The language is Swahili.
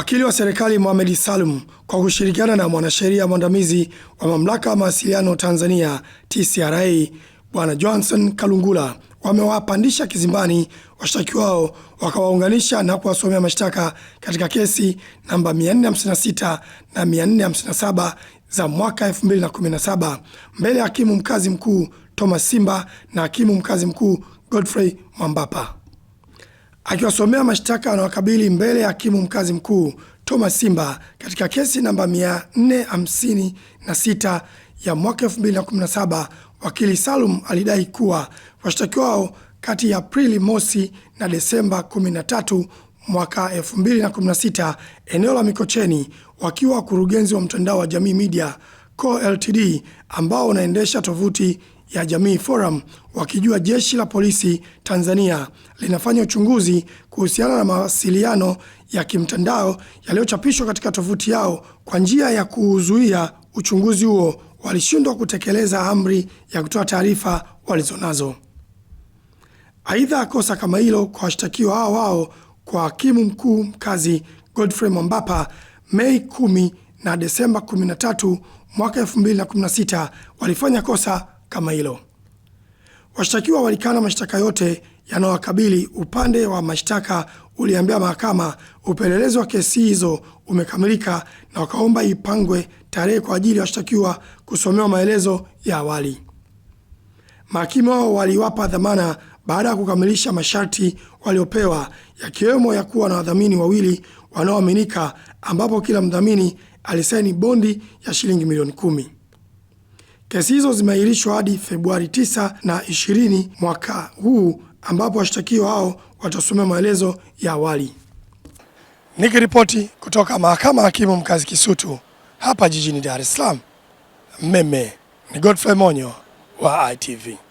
Wakili wa serikali Mohamed Salum kwa kushirikiana na mwanasheria mwandamizi wa mamlaka ya mawasiliano Tanzania TCRA Bwana Johnson Kalungula wamewapandisha kizimbani washtakiwa wao wakawaunganisha na kuwasomea mashtaka katika kesi namba 456 na 457 za mwaka 2017 mbele ya hakimu mkazi mkuu Thomas Simba na hakimu mkazi mkuu Godfrey Mwambapa akiwasomea mashtaka anawakabili mbele ya hakimu mkazi mkuu Thomas Simba katika kesi namba 456 ya mwaka F217 wakili Salum alidai kuwa washtakiwa wao kati ya Aprili mosi na Desemba 13 mwaka F216 eneo la Mikocheni wakiwa wakurugenzi wa mtandao wa Jamii Media Co Ltd ambao unaendesha tovuti ya Jamii Forum wakijua jeshi la polisi Tanzania linafanya uchunguzi kuhusiana na mawasiliano ya kimtandao yaliyochapishwa katika tovuti yao. Kwa njia ya kuzuia uchunguzi huo, walishindwa kutekeleza amri ya kutoa taarifa walizonazo. Aidha, kosa kama hilo kwa washtakiwa hao wao kwa hakimu mkuu mkazi Godfrey Mwambapa Mei 10 na Desemba 13 mwaka 2016 walifanya kosa kama hilo. Washtakiwa walikana mashtaka yote yanayowakabili. Upande wa mashtaka uliambia mahakama upelelezi wa kesi hizo umekamilika na wakaomba ipangwe tarehe kwa ajili ya washtakiwa kusomewa maelezo ya awali. Mahakimu hao waliwapa dhamana baada ya kukamilisha masharti waliopewa, yakiwemo ya kuwa na wadhamini wawili wanaoaminika, ambapo kila mdhamini alisaini bondi ya shilingi milioni kumi. Kesi hizo zimeahirishwa hadi Februari 9 na 20 mwaka huu ambapo washtakiwa hao watasomea maelezo ya awali. Nikiripoti kutoka mahakama hakimu mkazi Kisutu hapa jijini Dar es Salaam, Meme ni Godfrey Monyo wa ITV.